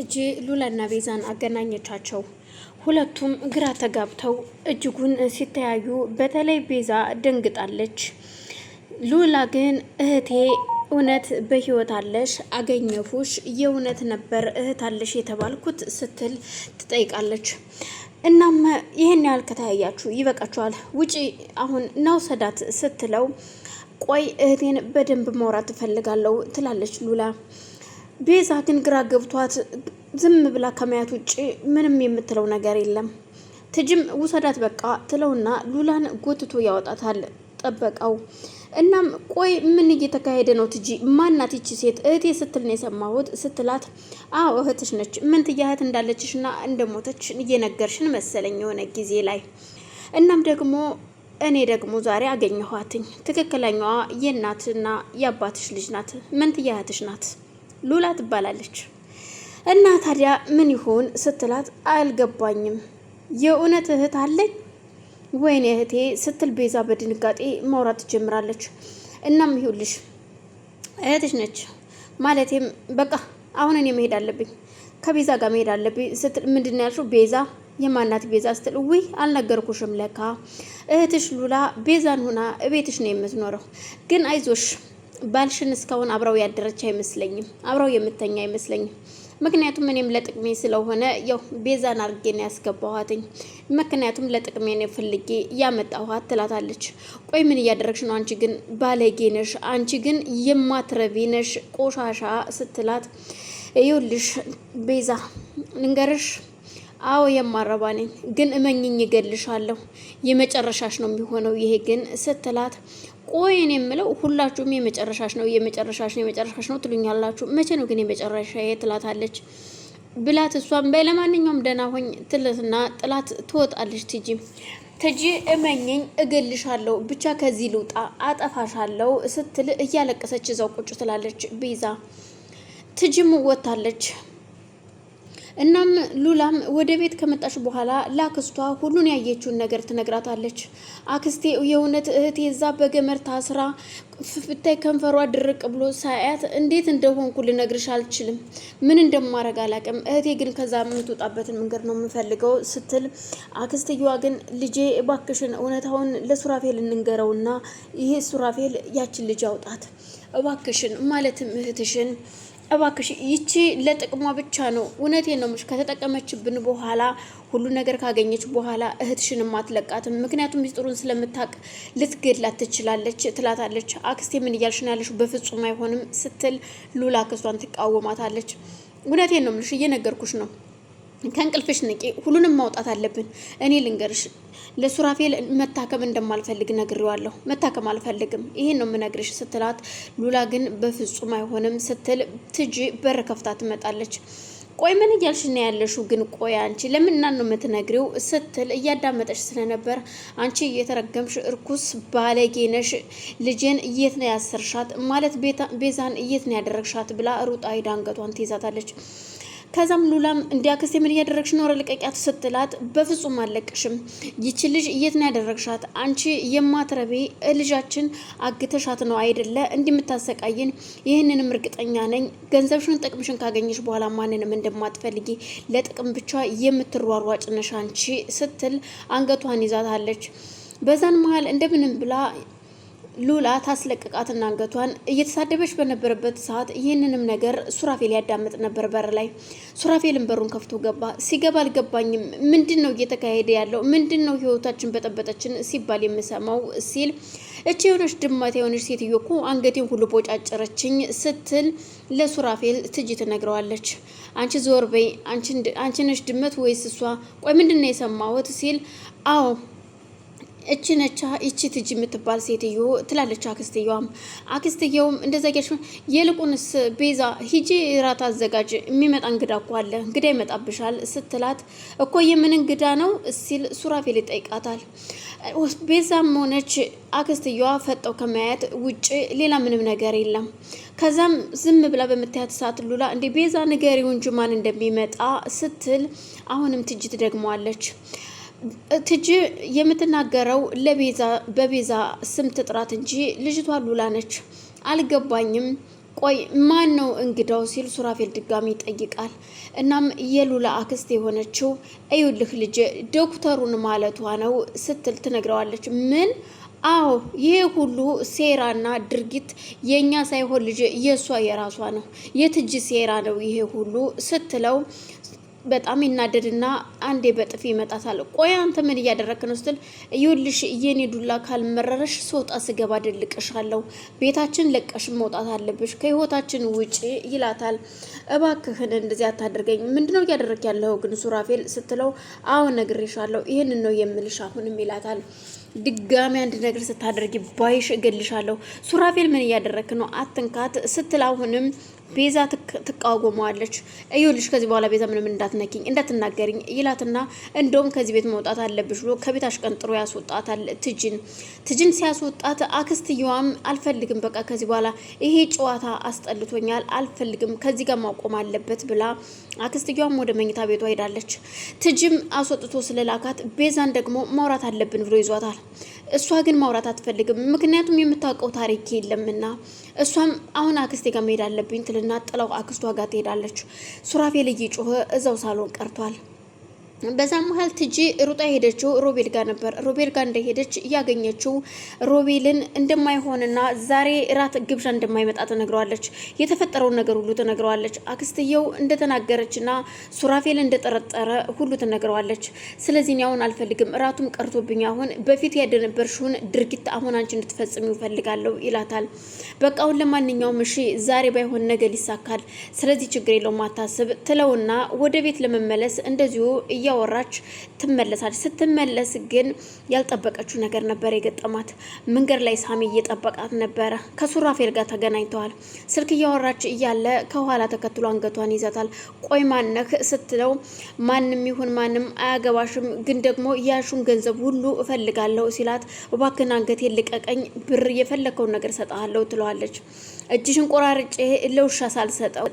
ጽጌ ሉላና ቤዛን አገናኘቻቸው። ሁለቱም ግራ ተጋብተው እጅጉን ሲተያዩ፣ በተለይ ቤዛ ደንግጣለች። ሉላ ግን እህቴ እውነት በህይወት አለሽ? አገኘሁሽ። የእውነት ነበር እህት አለሽ የተባልኩት ስትል ትጠይቃለች። እናም ይህን ያህል ከተያያችሁ ይበቃችኋል፣ ውጪ አሁን ሰዳት ስትለው ቆይ እህቴን በደንብ ማውራት እፈልጋለሁ ትላለች ሉላ ቤዛ ግን ግራ ገብቷት ዝም ብላ ከማየት ውጭ ምንም የምትለው ነገር የለም። ትጅም ውሰዳት በቃ ትለውና ሉላን ጎትቶ ያወጣታል ጠበቃው። እናም ቆይ ምን እየተካሄደ ነው? ትጂ ማናት ይቺ ሴት? እህቴ ስትል ነው የሰማሁት ስትላት፣ አዎ እህትሽ ነች። ምን ትያህት እንዳለችሽ ና እንደሞተች እየነገርሽን መሰለኝ የሆነ ጊዜ ላይ። እናም ደግሞ እኔ ደግሞ ዛሬ አገኘኋትኝ። ትክክለኛዋ የእናትና የአባትሽ ልጅ ናት። ምን ትያህትሽ ናት። ሉላ ትባላለች። እና ታዲያ ምን ይሆን ስትላት አልገባኝም፣ የእውነት እህት አለኝ ወይን እህቴ ስትል ቤዛ በድንጋጤ ማውራት ትጀምራለች። እናም ይሁልሽ እህትሽ ነች ማለቴም በቃ አሁን እኔ መሄድ አለብኝ ከቤዛ ጋር መሄድ አለብኝ ስትል ምንድን ነው ያልሽው? ቤዛ የማናት ቤዛ ስትል ውይ አልነገርኩሽም፣ ለካ እህትሽ ሉላ ቤዛን ሆና እቤትሽ ነው የምትኖረው። ግን አይዞሽ ባልሽን እስካሁን አብረው ያደረች አይመስለኝም፣ አብረው የምተኛ አይመስለኝም። ምክንያቱም እኔም ለጥቅሜ ስለሆነ ያው ቤዛን አርጌ ነው ያስገባኋትኝ። ምክንያቱም ለጥቅሜ ነው ፈልጌ ያመጣኋት ትላታለች። ቆይ ምን እያደረግሽ ነው? አንቺ ግን ባለጌ ነሽ፣ አንቺ ግን የማትረቢ ነሽ፣ ቆሻሻ ስትላት ይኸውልሽ ቤዛ ንገርሽ አዎ የማረባ ነኝ፣ ግን እመኝኝ እገልሻለሁ። የመጨረሻሽ ነው የሚሆነው ይሄ ግን ስትላት፣ ቆይ የምለው ሁላችሁም የመጨረሻሽ ነው የመጨረሻሽ ነው የመጨረሻሽ ነው ትሉኛላችሁ፣ መቼ ነው ግን የመጨረሻ ትላታለች ብላት እሷም በይ ለማንኛውም ደህና ሆኝ ትልትና ጥላት ትወጣለች። ትጂ ትጂ እመኘኝ እገልሻለሁ ብቻ ከዚህ ልውጣ አጠፋሻለሁ ስትል እያለቀሰች እዛው ቁጭ ትላለች። ቤዛ ትጂም ወታለች። እናም ሉላም ወደ ቤት ከመጣች በኋላ ለአክስቷ ሁሉን ያየችውን ነገር ትነግራታለች። አክስቴ የእውነት እህቴ እዛ በገመድ ታስራ ፍፍታይ ከንፈሯ ድርቅ ብሎ ሳያት እንዴት እንደሆንኩ ልነግርሽ አልችልም። ምን እንደማረግ አላቅም። እህቴ ግን ከዛ የምትወጣበትን መንገድ ነው የምፈልገው ስትል፣ አክስትየዋ ግን ልጄ እባክሽን እውነታውን ለሱራፌል እንንገረውና ይሄ ሱራፌል ያችን ልጅ አውጣት እባክሽን ማለትም እህትሽን እባክሽ ይቺ ለጥቅሟ ብቻ ነው። እውነቴን ነው የምልሽ። ከተጠቀመችብን በኋላ ሁሉ ነገር ካገኘች በኋላ እህትሽን ማትለቃትም። ምክንያቱም ሚስጥሩን ስለምታቅ ልትገድላት ትችላለች ትላታለች። አክስቴ ምን እያልሽ ነው ያለሽው? በፍጹም አይሆንም ስትል ሉላ ክሷን ትቃወማታለች። እውነቴን ነው የምልሽ፣ እየነገርኩሽ ነው ከእንቅልፍሽ ንቂ። ሁሉንም ማውጣት አለብን። እኔ ልንገርሽ ለሱራፌል መታከም እንደማልፈልግ ነግሬዋለሁ። መታከም አልፈልግም፣ ይሄን ነው የምነግርሽ ስትላት፣ ሉላ ግን በፍጹም አይሆንም ስትል ትጂ በር ከፍታ ትመጣለች። ቆይ ምን እያልሽ ነው ያለሽው? ግን ቆይ አንቺ ለምንና ነው የምትነግሪው? ስትል እያዳመጠች ስለነበር አንቺ እየተረገምሽ እርኩስ ባለጌ ነሽ፣ ልጄን እየት ነው ያሰርሻት? ማለት ቤዛን እየት ነው ያደረግሻት? ብላ ሩጣ ሄዳ አንገቷን ትይዛታለች። ከዛም ሉላም እንዲያክስቴ ምን እያደረግሽ ኖረ ልቀቂያት ስትላት በፍጹም አለቅሽም። ይቺ ልጅ የት ነው ያደረግሻት? አንቺ የማትረቤ ልጃችን አግተሻት ነው አይደለ እንዲምታሰቃይን? ይህንንም እርግጠኛ ነኝ ገንዘብሽን ጥቅምሽን ካገኘሽ በኋላ ማንንም እንደማትፈልጊ ለጥቅም ብቻ የምትሯሯጭ ነሽ አንቺ ስትል አንገቷን ይዛታለች። በዛን መሀል እንደምንም ብላ ሉላ ታስለቅቃትና አንገቷን እየተሳደበች በነበረበት ሰዓት ይህንንም ነገር ሱራፌል ያዳምጥ ነበር በር ላይ። ሱራፌልን በሩን ከፍቶ ገባ። ሲገባ አልገባኝም፣ ምንድን ነው እየተካሄደ ያለው? ምንድን ነው ህይወታችን በጠበጠችን ሲባል የምሰማው ሲል እቺ የሆነች ድማት የሆነች ሴትዮ እኮ አንገቴን ሁሉ ቦጫጨረችኝ ስትል ለሱራፌል ትጅ ትነግረዋለች። አንቺ ዞር በይ፣ አንቺ ነሽ ድመት ወይስ እሷ? ቆይ ምንድን ነው የሰማሁት ሲል አዎ እቺ ነቻ እቺ ትጅ የምትባል ሴትዮ ትላለች አክስትየዋም። አክስትየውም እንደዛ ጌሽ የልቁንስ ቤዛ ሂጂ ራት አዘጋጅ፣ የሚመጣ እንግዳ እኮ አለ፣ እንግዳ ይመጣብሻል ስትላት እኮ የምን እንግዳ ነው ሲል ሱራፌል ይጠይቃታል። ቤዛም ሆነች አክስትየዋ ፈጠው ከማያት ውጭ ሌላ ምንም ነገር የለም። ከዛም ዝም ብላ በምታያት ሰዓት ሉላ እንደ ቤዛ ንገሪው እንጂ ማን እንደሚመጣ ስትል አሁንም ትጅ ትደግመዋለች። ትጂ የምትናገረው ለቤዛ በቤዛ ስም ትጥራት እንጂ ልጅቷ ሉላ ነች። አልገባኝም። ቆይ ማን ነው እንግዳው ሲል ሱራፌል ድጋሚ ይጠይቃል። እናም የሉላ አክስት የሆነችው እዩልህ ልጅ ዶክተሩን ማለቷ ነው ስትል ትነግረዋለች። ምን? አዎ ይሄ ሁሉ ሴራና ድርጊት የእኛ ሳይሆን ልጅ የእሷ የራሷ ነው የትጅ ሴራ ነው ይሄ ሁሉ ስትለው በጣም ይናደድና አንዴ በጥፊ ይመጣታል። ቆይ አንተ ምን እያደረክ ነው ስትል ይኸውልሽ የኔ ዱላ ካልመረረሽ ስወጣ ስገባ ደልቅሻለሁ፣ ቤታችን ለቀሽ መውጣት አለብሽ፣ ከህይወታችን ውጪ ይላታል። እባክህን እንደዚህ አታደርገኝ። ምንድነው እያደረክ ያለው ግን ሱራፌል ስትለው አዎ ነግሬሻለሁ፣ ይህንን ነው የምልሽ አሁንም ይላታል። ድጋሚ አንድ ነገር ስታደርጊ ባይሽ እገልሻለሁ። ሱራፌል ምን እያደረክ ነው? አትንካት ስትል አሁንም ቤዛ ትቃወመዋለች። እዩልሽ ከዚህ በኋላ ቤዛ ምንም እንዳትነኪኝ እንዳትናገርኝ ይላትና እንደውም ከዚህ ቤት መውጣት አለብሽ ብሎ ከቤት አሽቀንጥሮ ያስወጣታል። ትጅን ትጅን ሲያስወጣት አክስትየዋም አልፈልግም፣ በቃ ከዚህ በኋላ ይሄ ጨዋታ አስጠልቶኛል፣ አልፈልግም፣ ከዚህ ጋር ማቆም አለበት ብላ አክስትየዋም ወደ መኝታ ቤቷ ሄዳለች። ትጅም አስወጥቶ ስለላካት ቤዛን ደግሞ ማውራት አለብን ብሎ ይዟታል። እሷ ግን ማውራት አትፈልግም፣ ምክንያቱም የምታውቀው ታሪክ የለምና። እሷም አሁን አክስቴ ጋር መሄድ አለብኝ ትልና አክስቷ ጋር ትሄዳለች። ሱራፌል እየጮኸ እዛው ሳሎን ቀርቷል። በዛ መሀል ትጂ ሩጣ ሄደችው ሮቤል ጋር ነበር። ሮቤል ጋር እንደሄደች እያገኘችው ሮቤልን እንደማይሆንና ዛሬ ራት ግብዣ እንደማይመጣ ትነግረዋለች። የተፈጠረውን ነገር ሁሉ ትነግረዋለች። አክስትየው እንደተናገረችና ሱራፌል እንደጠረጠረ ሁሉ ትነግረዋለች። ስለዚህ እኔ አሁን አልፈልግም፣ ራቱም ቀርቶብኝ አሁን በፊት ያደነበርሽውን ድርጊት አሁን አንቺ እንድትፈጽሚው ይፈልጋለሁ ይላታል። በቃ አሁን ለማንኛውም እሺ፣ ዛሬ ባይሆን ነገ ይሳካል፣ ስለዚህ ችግር የለውም አታስብ ትለውና ወደ ቤት ለመመለስ እንደዚሁ እያ እያወራች ትመለሳለች። ስትመለስ ግን ያልጠበቀችው ነገር ነበር የገጠማት። መንገድ ላይ ሳሚ እየጠበቃት ነበረ። ከሱራፌል ጋር ተገናኝተዋል። ስልክ እያወራች እያለ ከኋላ ተከትሎ አንገቷን ይዘታል። ቆይ ማነህ ስትለው ማንም ይሁን ማንም አያገባሽም፣ ግን ደግሞ ያሹን ገንዘብ ሁሉ እፈልጋለሁ ሲላት እባክህን አንገቴን ልቀቀኝ፣ ብር የፈለከውን ነገር ሰጠሃለሁ ትለዋለች። እጅሽን ቆራርጬ ለውሻ ሳልሰጠው